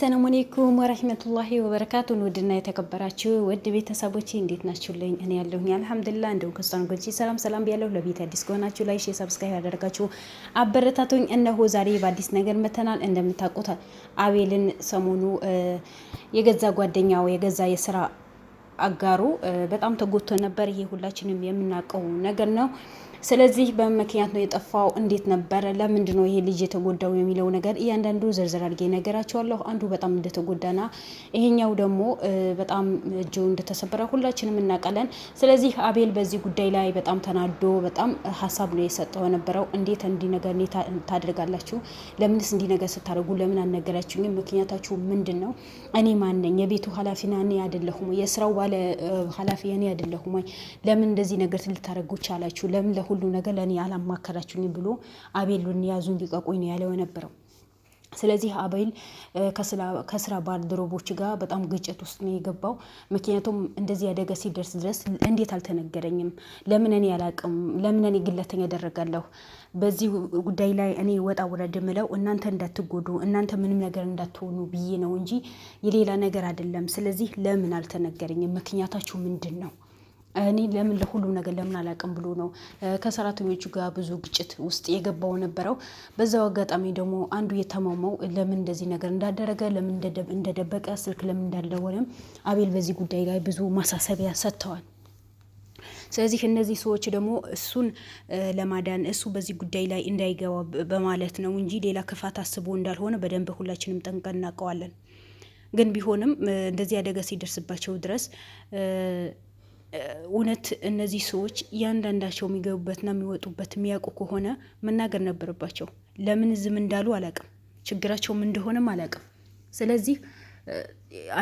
አሰላሙ አሌይኩም ወረህመቱላሂ ወበረካቱን ውድና የተከበራችሁ ውድ ቤተሰቦቼ እንዴት ናችሁልኝ? እኔ ያለሁኝ አልሐምዱሊላህ። እንዲሁም ክርስቲያን ጎንቺ ሰላም ሰላም ብያለሁ። ለቤት አዲስ ከሆናችሁ ላይ ሼር፣ ሰብስክራይብ ያደረጋችሁ አበረታቶኝ። እነሆ ዛሬ በአዲስ ነገር መተናል። እንደምታውቁት አቤልን ሰሞኑ የገዛ ጓደኛው የገዛ የስራ አጋሩ በጣም ተጎቶ ነበር። ይሄ ሁላችንም የምናውቀው ነገር ነው። ስለዚህ በምክንያት ነው የጠፋው፣ እንዴት ነበረ፣ ለምንድን ነው ይሄ ልጅ የተጎዳው የሚለው ነገር እያንዳንዱ ዝርዝር አድርጌ ነገራቸዋለሁ። አንዱ በጣም እንደተጎዳና ይሄኛው ደግሞ በጣም እጁ እንደተሰበረ ሁላችንም እናውቃለን። ስለዚህ አቤል በዚህ ጉዳይ ላይ በጣም ተናዶ በጣም ሀሳብ ነው የሰጠው የነበረው። እንዴት እንዲህ ነገር ታደርጋላችሁ? ለምንስ እንዲህ ነገር ስታደርጉ ለምን አልነገራችሁኝም? ምክንያታችሁ ምንድን ነው? እኔ ማነኝ? የቤቱ ኃላፊና እኔ አይደለሁም የስራው ባለ ኃላፊ እኔ አይደለሁም ወይ? ለምን እንደዚህ ነገር ልታደርጉ ቻላችሁ? ለምን ለሁሉ ነገር ለእኔ አላማከራችሁኝ? ብሎ አቤሉን ያዙን ልቀቁኝ ነው ያለው የነበረው። ስለዚህ አቤል ከስራ ባልደረቦች ጋር በጣም ግጭት ውስጥ ነው የገባው። ምክንያቱም እንደዚህ አደጋ ሲደርስ ድረስ እንዴት አልተነገረኝም? ለምን እኔ አላቅም? ለምን እኔ ግለተኛ ያደረጋለሁ? በዚህ ጉዳይ ላይ እኔ ወጣ ውረድ ምለው እናንተ እንዳትጎዱ፣ እናንተ ምንም ነገር እንዳትሆኑ ብዬ ነው እንጂ የሌላ ነገር አይደለም። ስለዚህ ለምን አልተነገረኝም? ምክንያታችሁ ምንድን ነው? እኔ ለምን ለሁሉም ነገር ለምን አላውቅም ብሎ ነው ከሰራተኞቹ ጋር ብዙ ግጭት ውስጥ የገባው ነበረው። በዛው አጋጣሚ ደግሞ አንዱ የተማመው ለምን እንደዚህ ነገር እንዳደረገ ለምን እንደደበቀ ስልክ ለምን እንዳልደወለም አቤል በዚህ ጉዳይ ላይ ብዙ ማሳሰቢያ ሰጥተዋል። ስለዚህ እነዚህ ሰዎች ደግሞ እሱን ለማዳን እሱ በዚህ ጉዳይ ላይ እንዳይገባ በማለት ነው እንጂ ሌላ ክፋት አስቦ እንዳልሆነ በደንብ ሁላችንም ጠንቀን እናውቀዋለን። ግን ቢሆንም እንደዚህ አደጋ ሲደርስባቸው ድረስ እውነት እነዚህ ሰዎች እያንዳንዳቸው የሚገቡበትና የሚወጡበት የሚያውቁ ከሆነ መናገር ነበረባቸው። ለምን ዝም እንዳሉ አላቅም፣ ችግራቸውም እንደሆነም አላቅም። ስለዚህ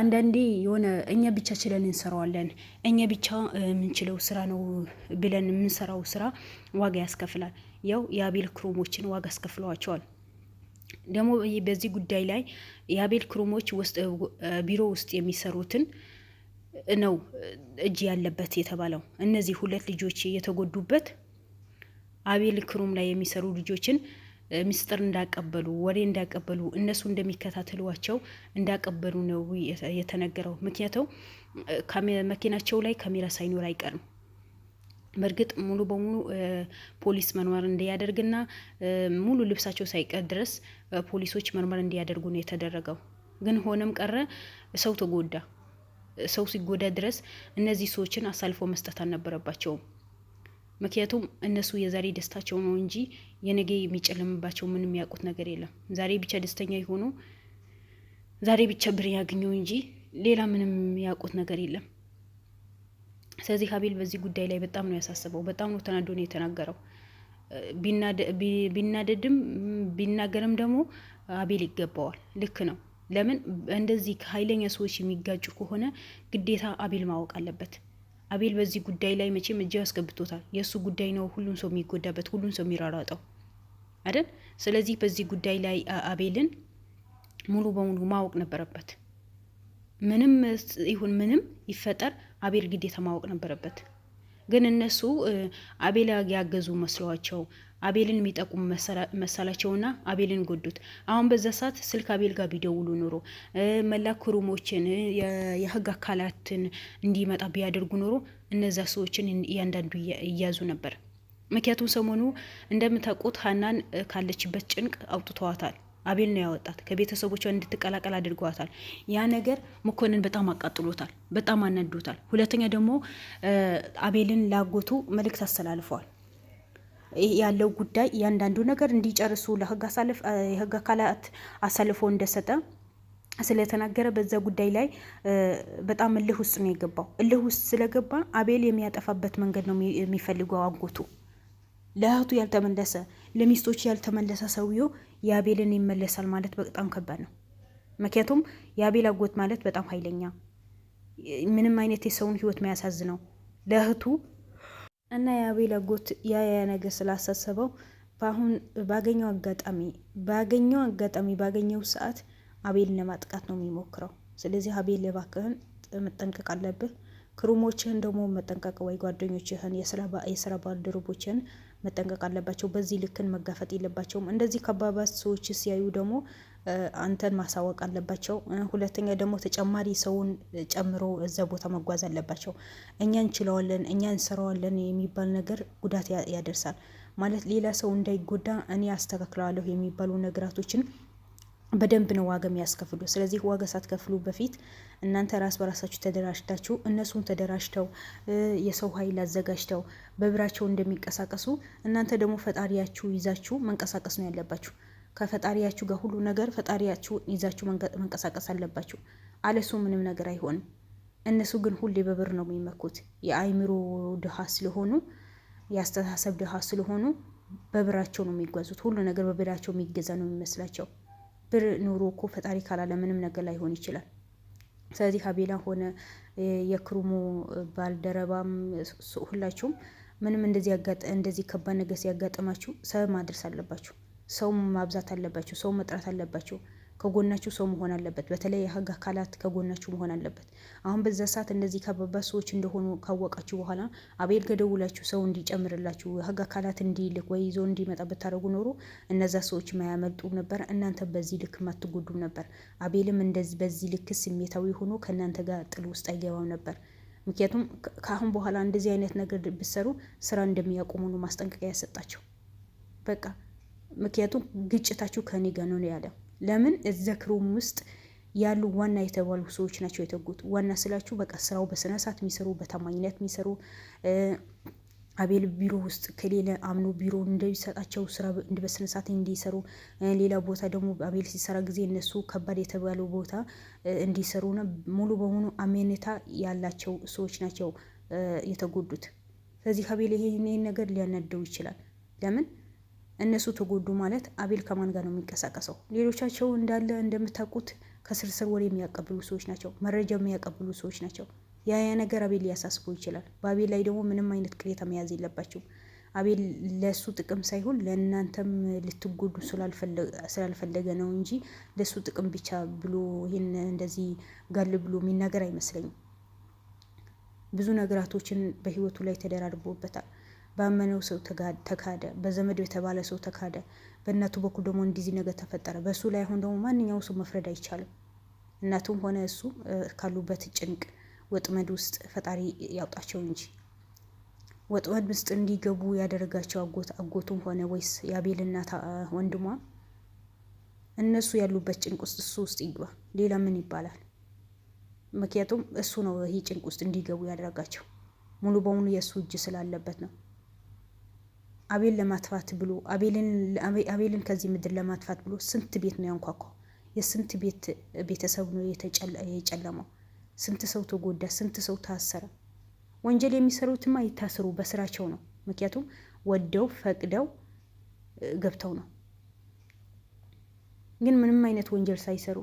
አንዳንዴ የሆነ እኛ ብቻ ችለን እንሰራዋለን፣ እኛ ብቻ የምንችለው ስራ ነው ብለን የምንሰራው ስራ ዋጋ ያስከፍላል። ያው የአቤል ክሮሞችን ዋጋ አስከፍለዋቸዋል። ደግሞ በዚህ ጉዳይ ላይ የአቤል ክሮሞች ቢሮ ውስጥ የሚሰሩትን ነው እጅ ያለበት የተባለው። እነዚህ ሁለት ልጆች የተጎዱበት አቤል ክሩም ላይ የሚሰሩ ልጆችን ምስጢር እንዳቀበሉ ወሬ እንዳቀበሉ እነሱ እንደሚከታተሏቸው እንዳቀበሉ ነው የተነገረው። ምክንያቱም መኪናቸው ላይ ካሜራ ሳይኖር አይቀርም። በእርግጥ ሙሉ በሙሉ ፖሊስ መርመር እንዲያደርግና ሙሉ ልብሳቸው ሳይቀር ድረስ ፖሊሶች መርመር እንዲያደርጉ ነው የተደረገው። ግን ሆነም ቀረ ሰው ተጎዳ። ሰው ሲጎዳ ድረስ እነዚህ ሰዎችን አሳልፎ መስጠት አልነበረባቸውም። ምክንያቱም እነሱ የዛሬ ደስታቸው ነው እንጂ የነገ የሚጨለምባቸው ምንም ያውቁት ነገር የለም። ዛሬ ብቻ ደስተኛ የሆኑ ዛሬ ብቻ ብር ያገኘው እንጂ ሌላ ምንም ያውቁት ነገር የለም። ስለዚህ ሀቤል በዚህ ጉዳይ ላይ በጣም ነው ያሳስበው። በጣም ነው ተናዶ ነው የተናገረው። ቢናደድም ቢናገርም ደግሞ አቤል ይገባዋል። ልክ ነው። ለምን እንደዚህ ከኃይለኛ ሰዎች የሚጋጩ ከሆነ ግዴታ አቤል ማወቅ አለበት። አቤል በዚህ ጉዳይ ላይ መቼም እጅ አስገብቶታል። የእሱ ጉዳይ ነው፣ ሁሉም ሰው የሚጎዳበት፣ ሁሉም ሰው የሚራራጠው አይደል? ስለዚህ በዚህ ጉዳይ ላይ አቤልን ሙሉ በሙሉ ማወቅ ነበረበት። ምንም ይሁን ምንም ይፈጠር አቤል ግዴታ ማወቅ ነበረበት። ግን እነሱ አቤል ያገዙ መስሏቸው አቤልን የሚጠቁሙ መሳላቸውና አቤልን ጎዱት። አሁን በዛ ሰዓት ስልክ አቤል ጋር ቢደውሉ ኑሮ መላክ ሩሞችን የህግ አካላትን እንዲመጣ ቢያደርጉ ኑሮ እነዛ ሰዎችን እያንዳንዱ እያዙ ነበር። ምክንያቱም ሰሞኑ እንደምታውቁት ሀናን ካለችበት ጭንቅ አውጥተዋታል። አቤል ነው ያወጣት። ከቤተሰቦቿ እንድትቀላቀል አድርገዋታል። ያ ነገር መኮንን በጣም አቃጥሎታል፣ በጣም አናዶታል። ሁለተኛ ደግሞ አቤልን ላጎቱ መልእክት አስተላልፈዋል። ያለው ጉዳይ እያንዳንዱ ነገር እንዲጨርሱ ለህግ አካላት አሳልፎ እንደሰጠ ስለተናገረ በዛ ጉዳይ ላይ በጣም እልህ ውስጥ ነው የገባው። እልህ ውስጥ ስለገባ አቤል የሚያጠፋበት መንገድ ነው የሚፈልገው አጎቱ ለእህቱ ያልተመለሰ ለሚስቶች ያልተመለሰ ሰውየው የአቤልን ይመለሳል ማለት በጣም ከባድ ነው። ምክንያቱም የአቤል አጎት ማለት በጣም ኃይለኛ፣ ምንም አይነት የሰውን ህይወት ነው ለእህቱ እና የአቤል አጎት ያያ ነገ ስላሳሰበው በአሁን ባገኘው አጋጣሚ ባገኘው አጋጣሚ ባገኘው ሰዓት አቤል ለማጥቃት ነው የሚሞክረው። ስለዚህ አቤል እባክህን መጠንቀቅ አለብህ። ክሩሞችህን ደግሞ መጠንቀቅ ወይ ጓደኞችህን፣ የስራ ባልደረቦችህን መጠንቀቅ አለባቸው። በዚህ ልክን መጋፈጥ የለባቸውም። እንደዚህ ከባባስ ሰዎች ሲያዩ ደግሞ አንተን ማሳወቅ አለባቸው። ሁለተኛ ደግሞ ተጨማሪ ሰውን ጨምሮ እዛ ቦታ መጓዝ አለባቸው። እኛ እንችለዋለን፣ እኛ እንሰራዋለን የሚባል ነገር ጉዳት ያደርሳል። ማለት ሌላ ሰው እንዳይጎዳ እኔ አስተካክለዋለሁ የሚባሉ ነገራቶችን በደንብ ነው ዋጋ የሚያስከፍሉ። ስለዚህ ዋጋ ሳትከፍሉ በፊት እናንተ ራስ በራሳችሁ ተደራጅታችሁ እነሱን ተደራጅተው የሰው ኃይል አዘጋጅተው በብራቸው እንደሚንቀሳቀሱ እናንተ ደግሞ ፈጣሪያችሁ ይዛችሁ መንቀሳቀስ ነው ያለባችሁ። ከፈጣሪያችሁ ጋር ሁሉ ነገር ፈጣሪያችሁ ይዛችሁ መንቀሳቀስ አለባችሁ። አለሱ ምንም ነገር አይሆንም። እነሱ ግን ሁሌ በብር ነው የሚመኩት። የአይምሮ ድሃ ስለሆኑ የአስተሳሰብ ድሃ ስለሆኑ በብራቸው ነው የሚጓዙት። ሁሉ ነገር በብራቸው የሚገዛ ነው የሚመስላቸው። ብር ኑሮ እኮ ፈጣሪ ካላለ ምንም ነገር ላይሆን ይችላል። ስለዚህ ሀቤላ ሆነ የክሩሙ ባልደረባም ሁላችሁም ምንም እንደዚህ ከባድ ነገር ሲያጋጥማችሁ ሰብ ማድረስ አለባችሁ። ሰው ማብዛት አለባቸው። ሰው መጥራት አለባቸው። ከጎናችሁ ሰው መሆን አለበት። በተለይ የህግ አካላት ከጎናችሁ መሆን አለበት። አሁን በዛ ሰዓት እነዚህ ከበባ ሰዎች እንደሆኑ ካወቃችሁ በኋላ አቤል ከደውላችሁ ሰው እንዲጨምርላችሁ የህግ አካላት እንዲልክ ወይ ይዞ እንዲመጣ ብታደረጉ ኖሮ እነዛ ሰዎች ማያመልጡ ነበር፣ እናንተ በዚህ ልክ ማትጎዱም ነበር። አቤልም እንደዚህ በዚህ ልክ ስሜታዊ ሆኖ ከእናንተ ጋር ጥል ውስጥ አይገባም ነበር። ምክንያቱም ከአሁን በኋላ እንደዚህ አይነት ነገር ብትሰሩ ስራ እንደሚያቆሙ ነው ማስጠንቀቂያ ያሰጣቸው በቃ ምክንያቱም ግጭታችሁ ከኔ ጋር ነው ያለው። ለምን እዘክሩም ውስጥ ያሉ ዋና የተባሉ ሰዎች ናቸው የተጉት። ዋና ስላችሁ በቃ ስራው በስነ የሚሰሩ በታማኝነት የሚሰሩ አቤል ቢሮ ውስጥ ከሌለ አምኖ ቢሮ እንደሚሰጣቸው ስራ በስነ ስርዓት እንዲሰሩ፣ ሌላ ቦታ ደግሞ አቤል ሲሰራ ጊዜ እነሱ ከባድ የተባለው ቦታ ነ ሙሉ በሙሉ አሜኔታ ያላቸው ሰዎች ናቸው የተጎዱት። ስለዚህ አቤል ይሄ ነገር ሊያናደው ይችላል። ለምን እነሱ ተጎዱ ማለት አቤል ከማን ጋር ነው የሚንቀሳቀሰው? ሌሎቻቸው እንዳለ እንደምታውቁት ከስርስር ስር ወሬ የሚያቀብሉ ሰዎች ናቸው፣ መረጃ የሚያቀብሉ ሰዎች ናቸው። ያ ያ ነገር አቤል ሊያሳስቡ ይችላል። በአቤል ላይ ደግሞ ምንም አይነት ቅሬታ መያዝ የለባቸው። አቤል ለሱ ጥቅም ሳይሆን ለእናንተም ልትጎዱ ስላልፈለገ ነው እንጂ ለሱ ጥቅም ብቻ ብሎ ይህን እንደዚህ ጋል ብሎ የሚናገር አይመስለኝም። ብዙ ነገራቶችን በህይወቱ ላይ ተደራርቦበታል። ባመነው ሰው ተካደ፣ በዘመድ የተባለ ሰው ተካደ። በእናቱ በኩል ደግሞ እንዲዚህ ነገር ተፈጠረ። በእሱ ላይ አሁን ደግሞ ማንኛውም ሰው መፍረድ አይቻልም። እናቱም ሆነ እሱ ካሉበት ጭንቅ ወጥመድ ውስጥ ፈጣሪ ያውጣቸው እንጂ ወጥመድ ውስጥ እንዲገቡ ያደረጋቸው አጎት አጎቱም ሆነ ወይስ የአቤል እናት ወንድሟ እነሱ ያሉበት ጭንቅ ውስጥ እሱ ውስጥ ይግባ። ሌላ ምን ይባላል? ምክንያቱም እሱ ነው ይህ ጭንቅ ውስጥ እንዲገቡ ያደረጋቸው ሙሉ በሙሉ የእሱ እጅ ስላለበት ነው። አቤል ለማጥፋት ብሎ አቤልን ከዚህ ምድር ለማጥፋት ብሎ ስንት ቤት ነው ያንኳኳው? የስንት ቤት ቤተሰብ ነው የጨለመው? ስንት ሰው ተጎዳ? ስንት ሰው ታሰረ? ወንጀል የሚሰሩትማ ይታስሩ በስራቸው ነው። ምክንያቱም ወደው ፈቅደው ገብተው ነው። ግን ምንም አይነት ወንጀል ሳይሰሩ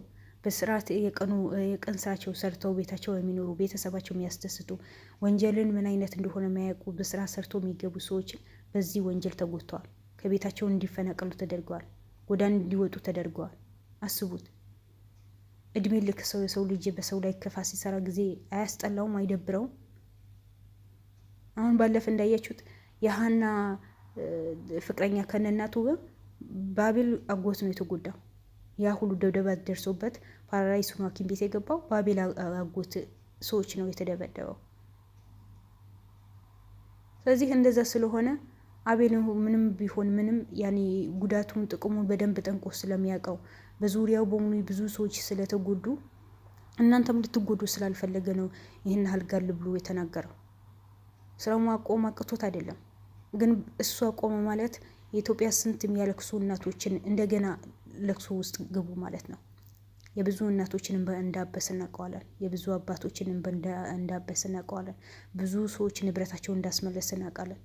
በስርዓት የቀን ስራቸው ሰርተው ቤታቸው የሚኖሩ ቤተሰባቸው የሚያስደስቱ ወንጀልን ምን አይነት እንደሆነ የሚያውቁ በስራ ሰርተው የሚገቡ ሰዎችን በዚህ ወንጀል ተጎድተዋል። ከቤታቸውን እንዲፈናቀሉ ተደርገዋል። ጎዳን እንዲወጡ ተደርገዋል። አስቡት። እድሜ ልክ ሰው የሰው ልጅ በሰው ላይ ክፋ ሲሰራ ጊዜ አያስጠላውም? አይደብረውም? አሁን ባለፈ እንዳያችሁት የሀና ፍቅረኛ ከነእናቱ ጋር ባቤል አጎት ነው የተጎዳው። ያ ሁሉ ደብደባ ደርሶበት ፓራዳይስ ሆኖ ሐኪም ቤት የገባው ባቤል አጎት ሰዎች ነው የተደበደበው። ስለዚህ እንደዛ ስለሆነ አቤል ምንም ቢሆን ምንም ያኔ ጉዳቱን ጥቅሙን በደንብ ጠንቆ ስለሚያውቀው በዙሪያው በሙሉ ብዙ ሰዎች ስለተጎዱ እናንተም ልትጎዱ ስላልፈለገ ነው ይህን አልጋል ብሎ የተናገረው። ስራው ማቆም አቅቶት አይደለም፣ ግን እሱ አቆመ ማለት የኢትዮጵያ ስንት የሚያለቅሱ እናቶችን እንደገና ለቅሶ ውስጥ ግቡ ማለት ነው። የብዙ እናቶችን እንባ እንዳበስ እናውቀዋለን። የብዙ አባቶችን እንባ እንዳበስ እናውቀዋለን። ብዙ ሰዎች ንብረታቸውን እንዳስመለስ እናውቃለን።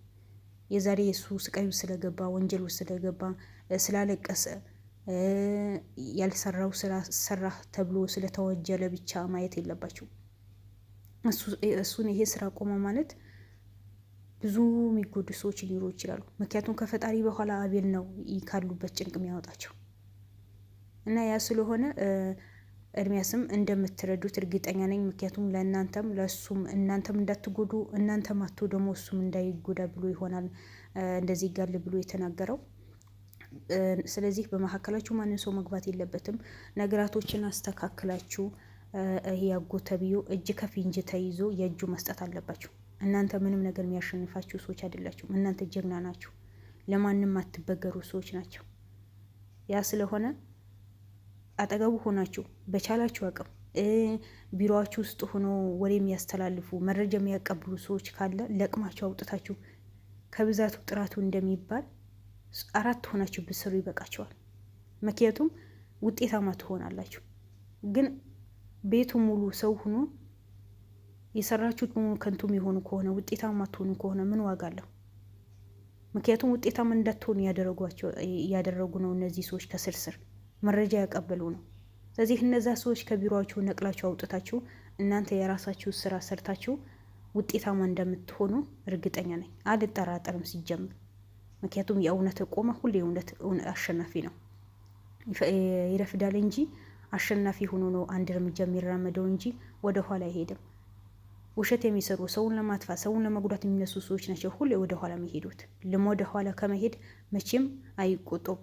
የዛሬ የሱ ስቃይ ውስጥ ስለገባ ወንጀል ውስጥ ስለገባ ስላለቀሰ ያልሰራው ስራ ሰራ ተብሎ ስለተወጀለ ብቻ ማየት የለባቸው። እሱን ይሄ ስራ ቆመ ማለት ብዙ የሚጎዱ ሰዎች ሊኖሩ ይችላሉ። ምክንያቱም ከፈጣሪ በኋላ አቤል ነው ካሉበት ጭንቅ የሚያወጣቸው እና ያ ስለሆነ ኤርሚያስም እንደምትረዱት እርግጠኛ ነኝ። ምክንያቱም ለእናንተም ለእሱም እናንተም እንዳትጎዱ እናንተ ማቶ ደግሞ እሱም እንዳይጎዳ ብሎ ይሆናል እንደዚህ ጋል ብሎ የተናገረው። ስለዚህ በመካከላችሁ ማንም ሰው መግባት የለበትም። ነገራቶችን አስተካክላችሁ ይሄ ያጎ ተብዮ እጅ ከፍንጅ ተይዞ የእጁ መስጠት አለባችሁ። እናንተ ምንም ነገር የሚያሸንፋችሁ ሰዎች አይደላችሁም። እናንተ ጀግና ናችሁ። ለማንም አትበገሩ ሰዎች ናቸው። ያ ስለሆነ አጠገቡ ሆናችሁ በቻላችሁ አቅም ቢሮችሁ ውስጥ ሆኖ ወሬ የሚያስተላልፉ መረጃ የሚያቀብሉ ሰዎች ካለ ለቅማችሁ አውጥታችሁ ከብዛቱ ጥራቱ እንደሚባል አራት ሆናችሁ ብትሰሩ ይበቃቸዋል ምክንያቱም ውጤታማ ትሆናላችሁ። ግን ቤቱ ሙሉ ሰው ሆኖ የሰራችሁት በሙሉ ከንቱም የሆኑ ከሆነ ውጤታማ ትሆኑ ከሆነ ምን ዋጋ አለው? ምክንያቱም ውጤታማ እንዳትሆኑ ያደረጉ ነው እነዚህ ሰዎች ከስርስር መረጃ ያቀበሉ ነው። ስለዚህ እነዛ ሰዎች ከቢሮቸው ነቅላችሁ አውጥታችሁ እናንተ የራሳችሁ ስራ ሰርታችሁ ውጤታማ እንደምትሆኑ እርግጠኛ ነኝ፣ አልጠራጠርም ሲጀምር። ምክንያቱም የእውነት ቆመ ሁሌ የእውነት አሸናፊ ነው። ይረፍዳል እንጂ አሸናፊ ሆኖ ነው አንድ እርምጃ የሚራመደው እንጂ ወደኋላ አይሄድም። ውሸት የሚሰሩ ሰውን ለማጥፋት ሰውን ለመጉዳት የሚነሱ ሰዎች ናቸው ሁሌ ወደኋላ የሚሄዱት። ልም ወደኋላ ከመሄድ መቼም አይቆጦም።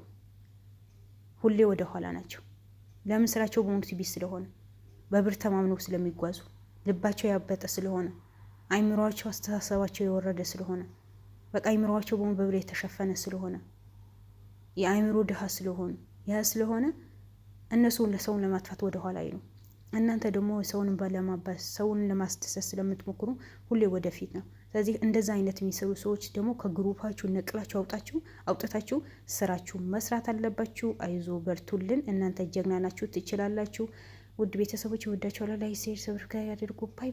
ሁሌ ወደ ኋላ ናቸው። ለምን? ስራቸው በሙሉ ቢስ ስለሆነ በብር ተማምነው ስለሚጓዙ ልባቸው ያበጠ ስለሆነ አይምሯቸው፣ አስተሳሰባቸው የወረደ ስለሆነ በቃ አይምሯቸው በሙሉ በብር የተሸፈነ ስለሆነ የአይምሮ ድሃ ስለሆኑ ያ ስለሆነ እነሱን ለሰውን ለማጥፋት ወደ ኋላ አይሉ። እናንተ ደግሞ ሰውን ለማባስ ሰውን ለማስደሰት ስለምትሞክሩ ሁሌ ወደፊት ነው። ስለዚህ እንደዚ አይነት የሚሰሩ ሰዎች ደግሞ ከግሩፓችሁ ነቅላችሁ አውጣችሁ አውጥታችሁ ስራችሁ መስራት አለባችሁ። አይዞ በርቱልን፣ እናንተ ጀግና ናችሁ፣ ትችላላችሁ። ውድ ቤተሰቦች ወዳቸው ላይ ሴር ሰብስክራይብ ያደርጉ ባይ